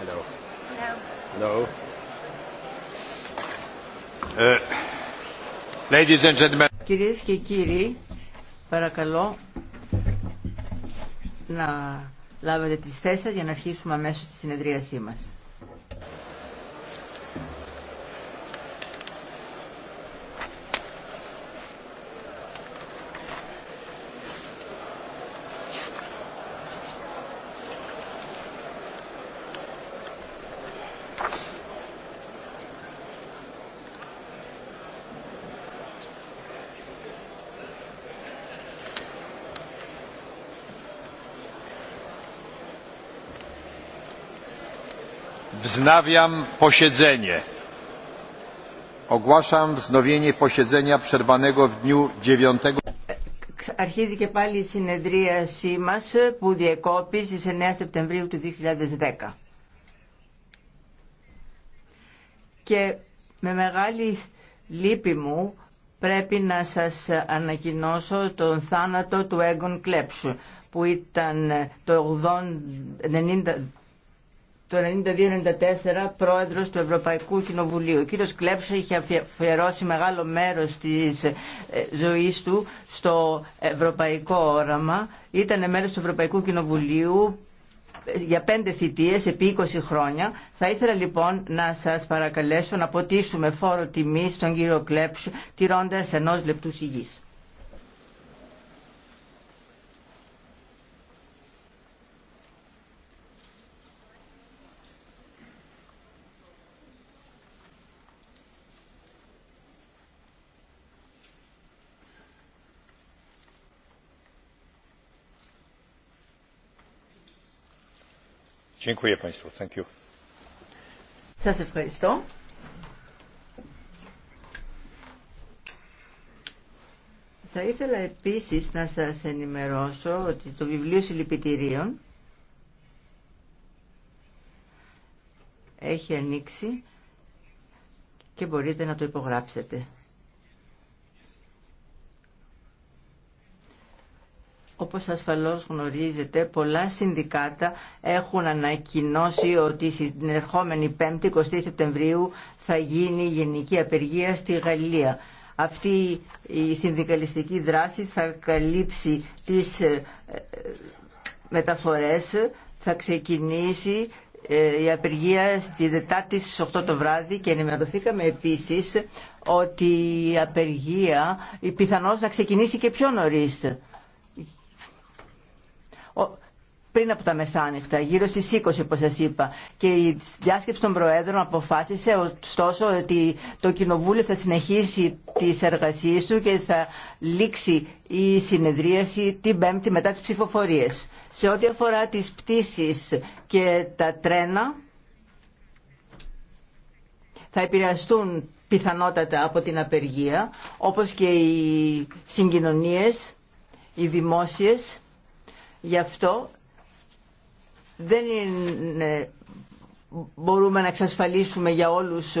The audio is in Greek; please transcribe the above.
Hello. Uh, Κυρίες και κύριοι, παρακαλώ να λάβετε τις θέσεις για να αρχίσουμε αμέσως τη συνεδρίασή μας. Wznawiam posiedzenie. Ogłaszam Αρχίζει και πάλι η συνεδρίασή μας που διεκόπη στις 9 Σεπτεμβρίου του 2010. Και με μεγάλη λύπη μου πρέπει να σας ανακοινώσω τον θάνατο του Έγκον Κλέψου που ήταν το 80, 90, το 1992-1994 πρόεδρος του Ευρωπαϊκού Κοινοβουλίου. Ο κύριος Κλέψου είχε αφιερώσει μεγάλο μέρος της ε, ζωής του στο ευρωπαϊκό όραμα. Ήταν μέλος του Ευρωπαϊκού Κοινοβουλίου ε, για πέντε θητείες επί 20 χρόνια. Θα ήθελα λοιπόν να σας παρακαλέσω να ποτίσουμε φόρο τιμής στον κύριο Κλέψου, τηρώντας ενός λεπτού υγιής. Σας ευχαριστώ. Θα ήθελα επίσης να σας ενημερώσω ότι το βιβλίο συλληπιτηρίων έχει ανοίξει και μπορείτε να το υπογράψετε. Όπως ασφαλώς γνωρίζετε, πολλά συνδικάτα έχουν ανακοινώσει ότι την ερχόμενη 5η 20 Σεπτεμβρίου θα γίνει γενική απεργία στη Γαλλία. Αυτή η συνδικαλιστική δράση θα καλύψει τις ε, ε, μεταφορές, θα ξεκινήσει ε, η απεργία στη Δετάρτη στις 8 το βράδυ και ενημερωθήκαμε επίσης ότι η απεργία πιθανώς να ξεκινήσει και πιο νωρίς πριν από τα μεσάνυχτα, γύρω στις 20 όπω σα είπα. Και η διάσκεψη των Προέδρων αποφάσισε ωστόσο ότι το Κοινοβούλιο θα συνεχίσει τις εργασίες του και θα λήξει η συνεδρίαση την Πέμπτη μετά τις ψηφοφορίες. Σε ό,τι αφορά τι πτήσει και τα τρένα, θα επηρεαστούν πιθανότατα από την απεργία, όπως και οι συγκοινωνίες, οι δημόσιες Γι' αυτό δεν μπορούμε να εξασφαλίσουμε για όλους